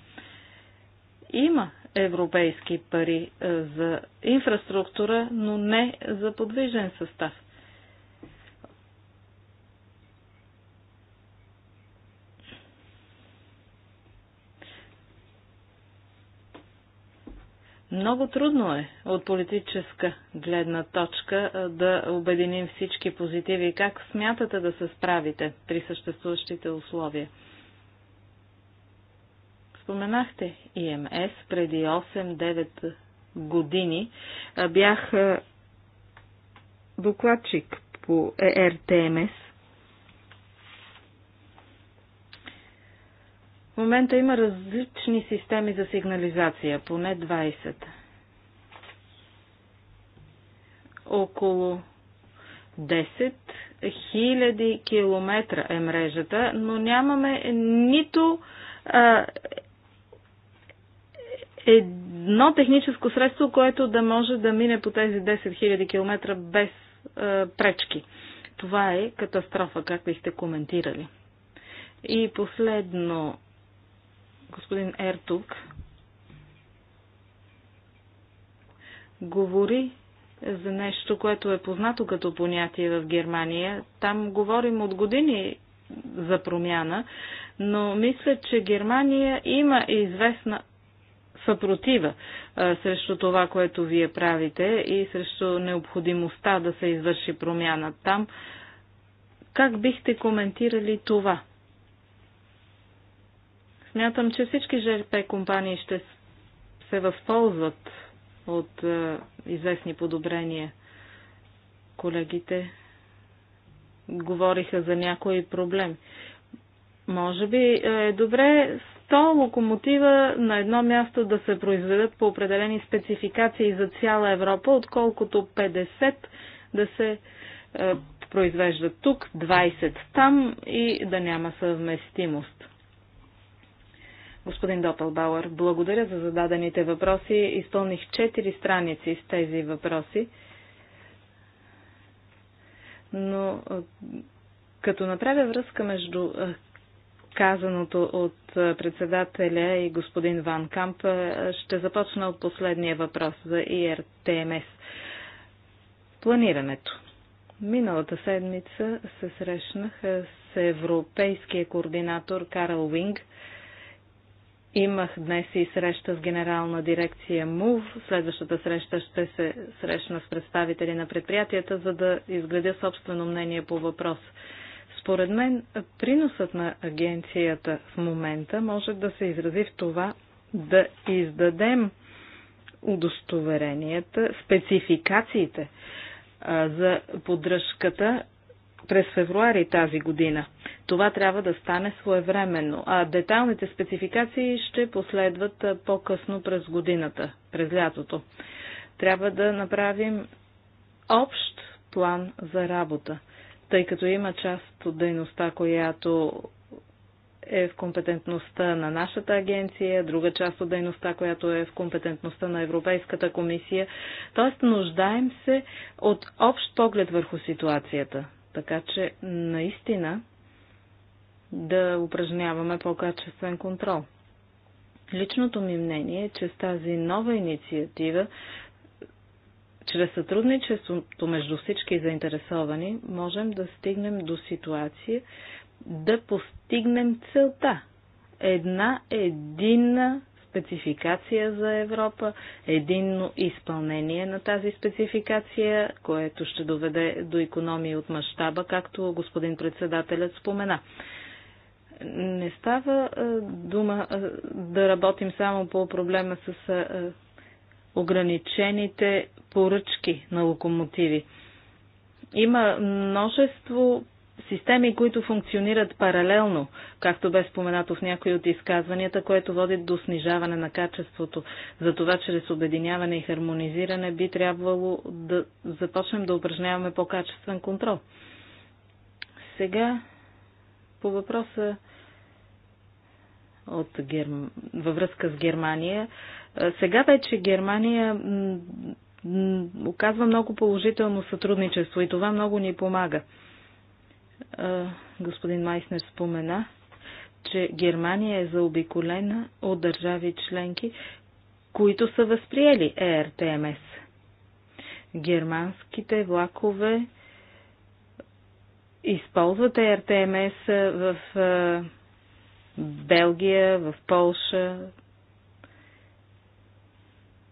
Има европейски пари е, за инфраструктура, но не за подвижен състав. Много трудно е от политическа гледна точка да обединим всички позитиви. Как смятате да се справите при съществуващите условия? Споменахте ИМС преди 8-9 години. Бях докладчик по е ЕРТМС В момента има различни системи за сигнализация, поне 20. Около 10 000 километра е мрежата, но нямаме нито а, едно техническо средство, което да може да мине по тези 10 000 км без а, пречки. Това е катастрофа, как сте коментирали. И последно господин Ертук говори за нещо, което е познато като понятие в Германия. Там говорим от години за промяна, но мисля, че Германия има известна съпротива а, срещу това, което вие правите и срещу необходимостта да се извърши промяна там. Как бихте коментирали това? Смятам, че всички ЖРП компании ще се възползват от е, известни подобрения. Колегите говориха за някои проблеми. Може би е, е добре 100 локомотива на едно място да се произведат по определени спецификации за цяла Европа, отколкото 50 да се е, произвеждат тук, 20 там и да няма съвместимост. Господин Дотълбауър, благодаря за зададените въпроси. Изпълних четири страници с тези въпроси. Но като направя връзка между казаното от председателя и господин Ван Камп, ще започна от последния въпрос за ИРТМС. Планирането. Миналата седмица се срещнах с европейския координатор Карл Уинг – Имах днес и среща с генерална дирекция МУВ. Следващата среща ще се срещна с представители на предприятията, за да изградя собствено мнение по въпрос. Според мен, приносът на агенцията в момента може да се изрази в това да издадем удостоверенията, спецификациите за поддръжката през февруари тази година. Това трябва да стане своевременно, а деталните спецификации ще последват по-късно през годината, през лятото. Трябва да направим общ план за работа, тъй като има част от дейността, която е в компетентността на нашата агенция, друга част от дейността, която е в компетентността на Европейската комисия. Тоест, нуждаем се от общ поглед върху ситуацията така че наистина да упражняваме по-качествен контрол. Личното ми мнение е, че с тази нова инициатива, чрез сътрудничеството между всички заинтересовани, можем да стигнем до ситуация да постигнем целта. Една единна спецификация за Европа, единно изпълнение на тази спецификация, което ще доведе до економии от мащаба, както господин председателят спомена. Не става дума да работим само по проблема с ограничените поръчки на локомотиви. Има множество системи, които функционират паралелно, както бе споменато в някои от изказванията, което води до снижаване на качеството. за това, чрез обединяване и хармонизиране би трябвало да започнем да упражняваме по-качествен контрол. Сега по въпроса от гер... във връзка с Германия. Сега вече Германия оказва много положително сътрудничество и това много ни помага господин Майснер спомена, че Германия е заобиколена от държави членки, които са възприели ЕРТМС. Германските влакове използват ЕРТМС в Белгия, в Полша,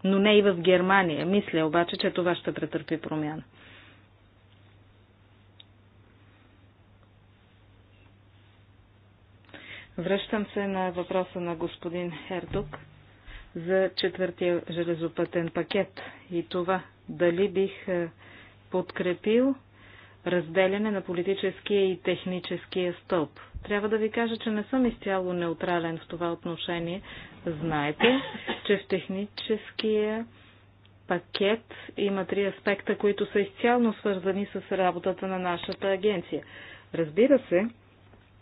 но не и в Германия. Мисля обаче, че това ще претърпи промяна. Връщам се на въпроса на господин Хердук за четвъртия железопътен пакет и това дали бих е, подкрепил разделяне на политическия и техническия стълб. Трябва да ви кажа, че не съм изцяло неутрален в това отношение. Знаете, че в техническия пакет има три аспекта, които са изцяло свързани с работата на нашата агенция. Разбира се,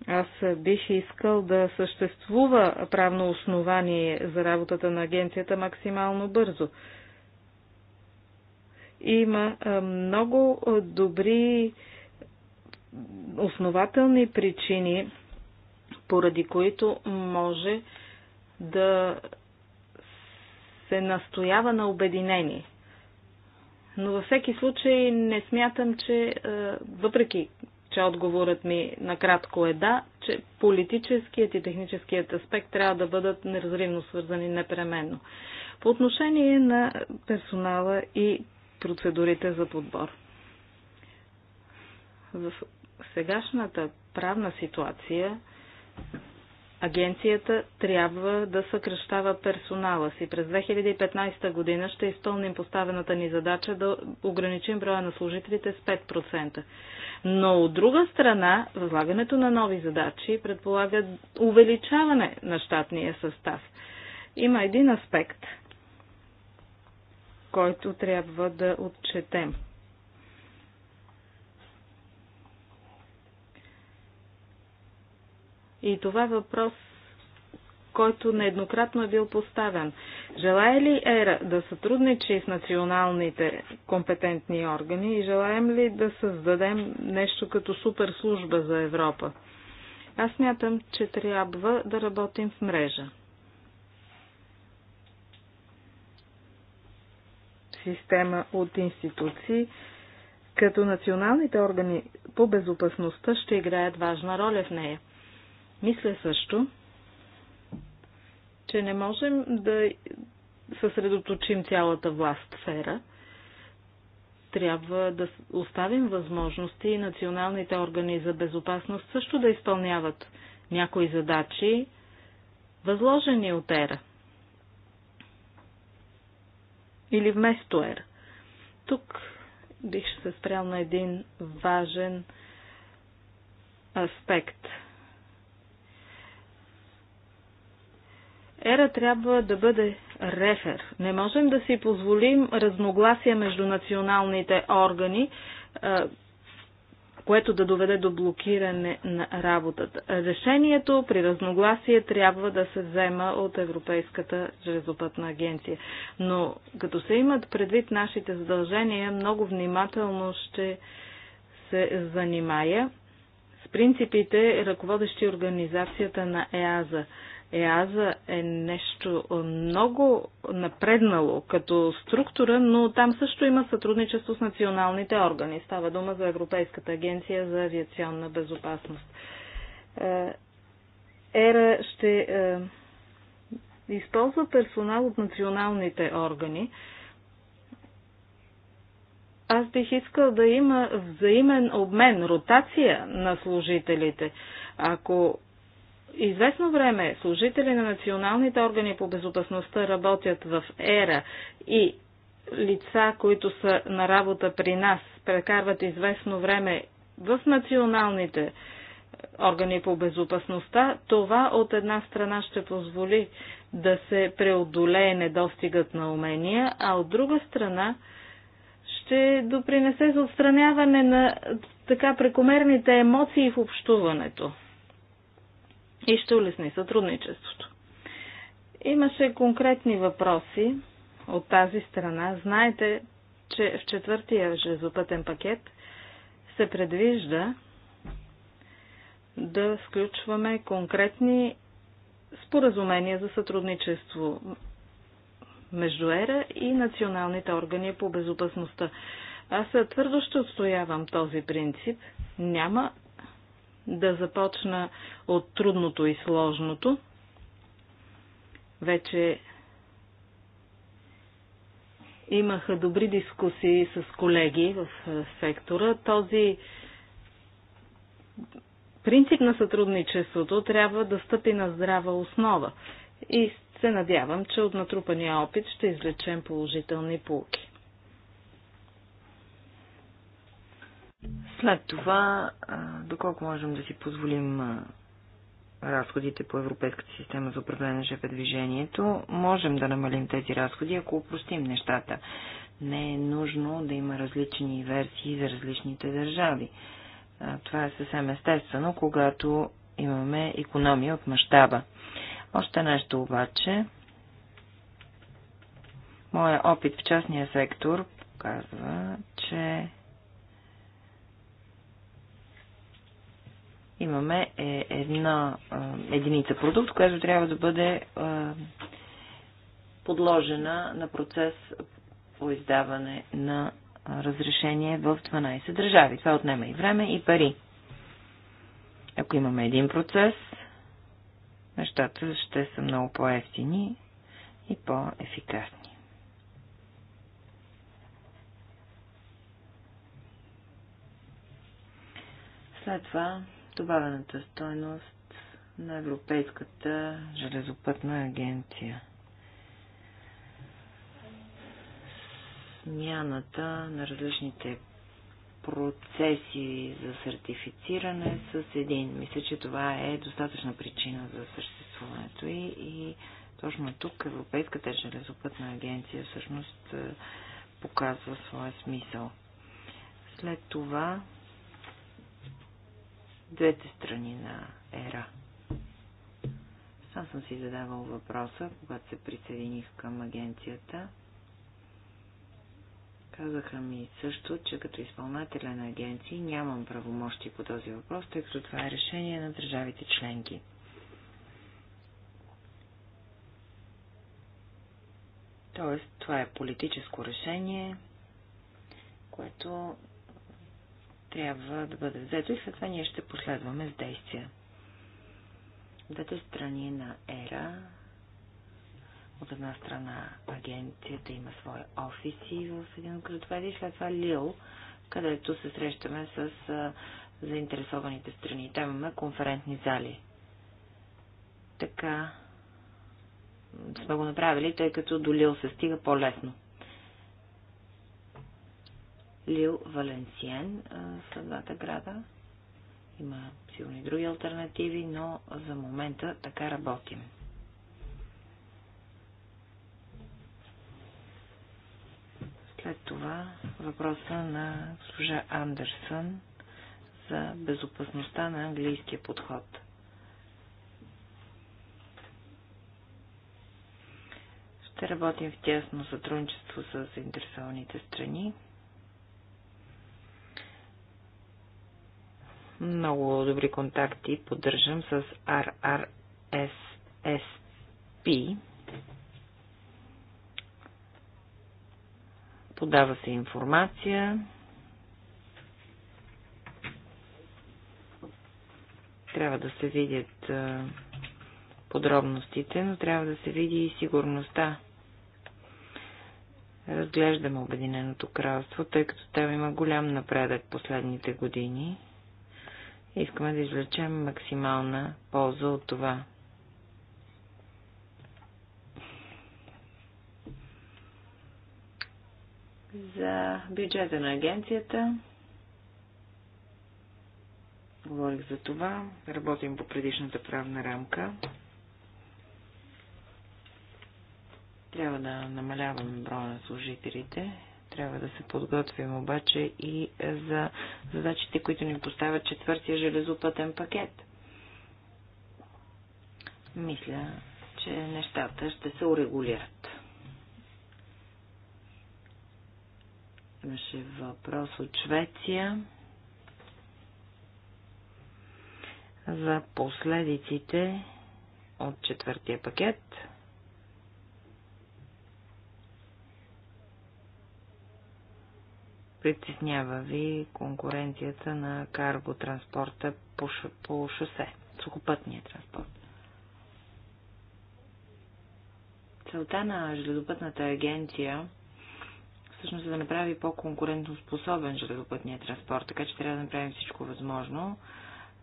аз бих искал да съществува правно основание за работата на агенцията максимално бързо. Има много добри основателни причини, поради които може да се настоява на обединение. Но във всеки случай не смятам, че въпреки че отговорът ми накратко е да, че политическият и техническият аспект трябва да бъдат неразривно свързани непременно. По отношение на персонала и процедурите за подбор. В сегашната правна ситуация Агенцията трябва да съкръщава персонала си. През 2015 година ще изпълним поставената ни задача да ограничим броя на служителите с 5%. Но от друга страна, възлагането на нови задачи предполага увеличаване на щатния състав. Има един аспект, който трябва да отчетем – И това е въпрос, който нееднократно е бил поставен. Желая ли ЕРА да сътрудничи с националните компетентни органи и желаем ли да създадем нещо като суперслужба за Европа? Аз мятам, че трябва да работим в мрежа. Система от институции, като националните органи по безопасността ще играят важна роля в нея – мисля също, че не можем да съсредоточим цялата власт сфера. Трябва да оставим възможности и националните органи за безопасност също да изпълняват някои задачи, възложени от ЕРА. Или вместо ЕРА. Тук бих се спрял на един важен аспект – ера трябва да бъде рефер. Не можем да си позволим разногласия между националните органи, което да доведе до блокиране на работата. Решението при разногласие трябва да се взема от Европейската железопътна агенция. Но като се имат предвид нашите задължения, много внимателно ще се занимая с принципите, ръководещи организацията на ЕАЗа. ЕАЗа е нещо много напреднало като структура, но там също има сътрудничество с националните органи. Става дума за Европейската агенция за авиационна безопасност. Е, ЕРА ще е, използва персонал от националните органи. Аз бих искал да има взаимен обмен, ротация на служителите. Ако известно време служители на националните органи по безопасността работят в ЕРА и лица, които са на работа при нас, прекарват известно време в националните органи по безопасността, това от една страна ще позволи да се преодолее недостигът на умения, а от друга страна ще допринесе за отстраняване на така прекомерните емоции в общуването и ще улесни сътрудничеството. Имаше конкретни въпроси от тази страна. Знаете, че в четвъртия железопътен пакет се предвижда да сключваме конкретни споразумения за сътрудничество между ЕРА и националните органи по безопасността. Аз твърдо ще отстоявам този принцип. Няма да започна от трудното и сложното. Вече имаха добри дискусии с колеги в е, сектора. Този принцип на сътрудничеството трябва да стъпи на здрава основа и се надявам, че от натрупания опит ще излечем положителни полки. След това, доколко можем да си позволим разходите по Европейската система за управление на ЖП движението, можем да намалим тези разходи, ако упростим нещата. Не е нужно да има различни версии за различните държави. Това е съвсем естествено, когато имаме економия от мащаба. Още нещо обаче. Моя опит в частния сектор показва, че Имаме е, една единица продукт, която трябва да бъде подложена на процес по издаване на разрешение в 12 държави. Това отнема и време, и пари. Ако имаме един процес, нещата ще са много по-ефтини и по-ефикасни. След това добавената стойност на Европейската железопътна агенция. Смяната на различните процеси за сертифициране с един. Мисля, че това е достатъчна причина за съществуването и, и точно тук Европейската железопътна агенция всъщност е, показва своя смисъл. След това двете страни на ера. Сам съм си задавал въпроса, когато се присъединих към агенцията. Казаха ми също, че като изпълнателя на агенции нямам правомощи по този въпрос, тъй като това е решение на държавите членки. Тоест, това е политическо решение, което трябва да бъде взето и след това ние ще последваме с действия. Двете страни на ера от една страна агенцията има свои офиси в един от градовете и след това Лил, където се срещаме с а, заинтересованите страни. Там имаме конферентни зали. Така сме го направили, тъй като до Лил се стига по-лесно. Лил Валенсиен са двата града. Има силни други альтернативи, но за момента така работим. След това въпроса на служа Андерсън за безопасността на английския подход. Ще работим в тясно сътрудничество с заинтересованите страни. Много добри контакти поддържам с RRSSP. Подава се информация. Трябва да се видят подробностите, но трябва да се види и сигурността. Разглеждаме Обединеното кралство, тъй като там има голям напредък последните години. Искаме да извлечем максимална полза от това. За бюджета на агенцията говорих за това. Работим по предишната правна рамка. Трябва да намаляваме броя на служителите трябва да се подготвим обаче и за задачите, които ни поставят четвъртия железопътен пакет. Мисля, че нещата ще се урегулират. Имаше въпрос от Швеция за последиците от четвъртия пакет. Притеснява ви конкуренцията на карготранспорта по, по шосе, сухопътния транспорт. Целта на Железопътната агенция всъщност е да направи по-конкурентно способен железопътния транспорт, така че трябва да направим всичко възможно,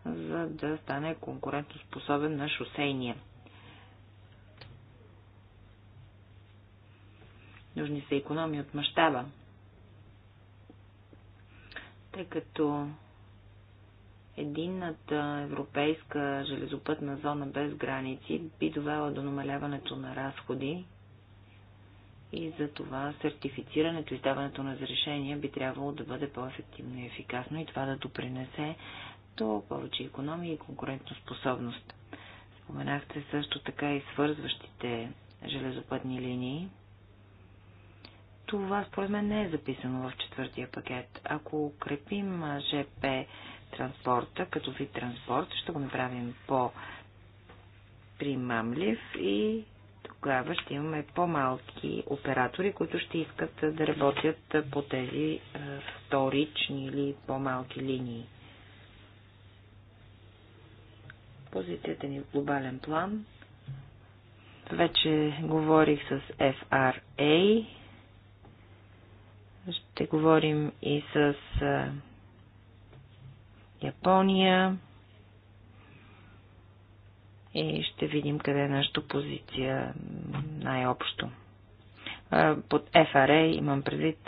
за да стане конкурентно способен на шосейния. Нужни са економии от мащаба тъй като единната европейска железопътна зона без граници би довела до намаляването на разходи и за това сертифицирането, издаването на разрешения би трябвало да бъде по-ефективно и ефикасно и това да допринесе до повече економия и конкурентоспособност. Споменахте също така и свързващите железопътни линии. Това според мен не е записано в четвъртия пакет. Ако укрепим ЖП транспорта като вид транспорт, ще го направим по-примамлив и тогава ще имаме по-малки оператори, които ще искат да работят по тези вторични или по-малки линии. Позицията ни в глобален план. Вече говорих с FRA, ще говорим и с Япония и ще видим къде е нашата позиция най-общо. Под FRA имам предвид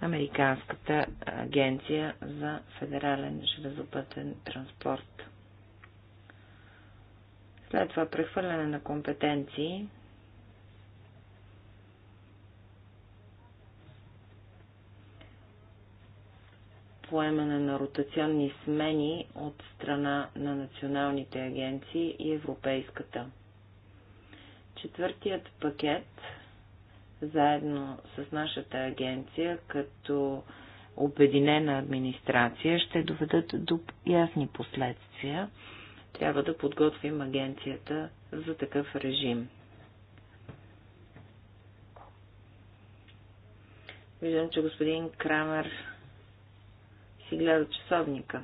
Американската агенция за федерален железопътен транспорт. След това прехвърляне на компетенции поемане на ротационни смени от страна на националните агенции и европейската. Четвъртият пакет, заедно с нашата агенция, като обединена администрация, ще доведат до ясни последствия. Трябва да подготвим агенцията за такъв режим. Виждам, че господин Крамер си гледа часовника.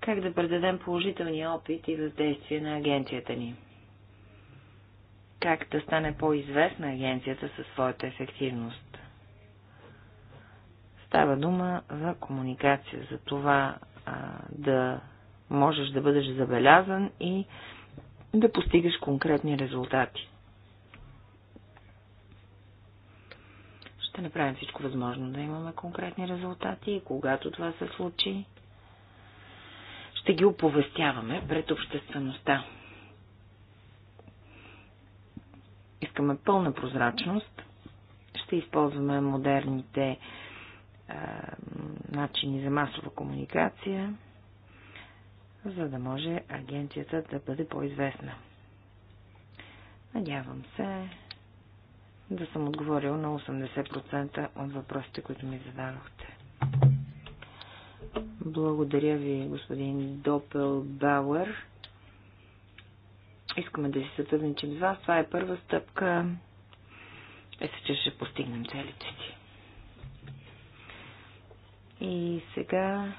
Как да предадем положителния опит и въздействие на агенцията ни? Как да стане по-известна агенцията със своята ефективност? Става дума за комуникация, за това а, да можеш да бъдеш забелязан и да постигаш конкретни резултати. Ще направим всичко възможно да имаме конкретни резултати и когато това се случи, ще ги оповестяваме пред обществеността. Искаме пълна прозрачност. Ще използваме модерните е, начини за масова комуникация, за да може агенцията да бъде по-известна. Надявам се, да съм отговорил на 80% от въпросите, които ми зададохте. Благодаря ви, господин Допел Бауер. Искаме да си сътрудничим с вас. Това е първа стъпка. Е, че ще постигнем целите си. И сега,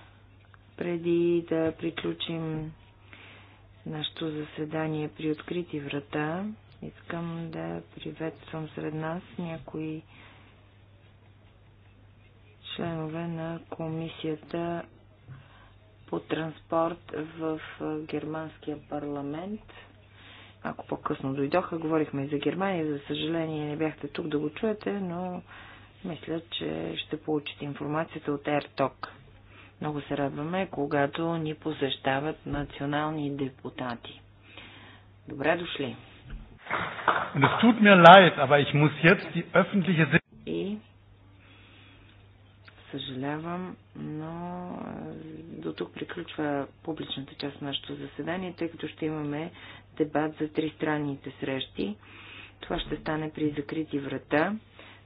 преди да приключим нашето заседание при открити врата, Искам да приветствам сред нас някои членове на комисията по транспорт в германския парламент. Ако по-късно дойдоха, говорихме и за Германия. За съжаление не бяхте тук да го чуете, но мисля, че ще получите информацията от AirTalk. Много се радваме, когато ни посещават национални депутати. Добре дошли! Und es tut mir leid, aber ich muss jetzt die öffentliche И съжалявам, но е, до тук приключва публичната част на нашето заседание, тъй като ще имаме дебат за тристранните срещи. Това ще стане при закрити врата.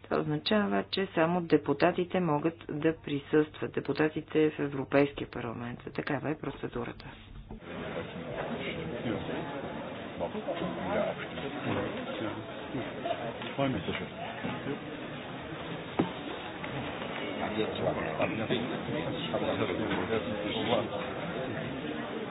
Това означава, че само депутатите могат да присъстват. Депутатите в Европейския парламент. Такава е процедурата freue mich. Bitte schön.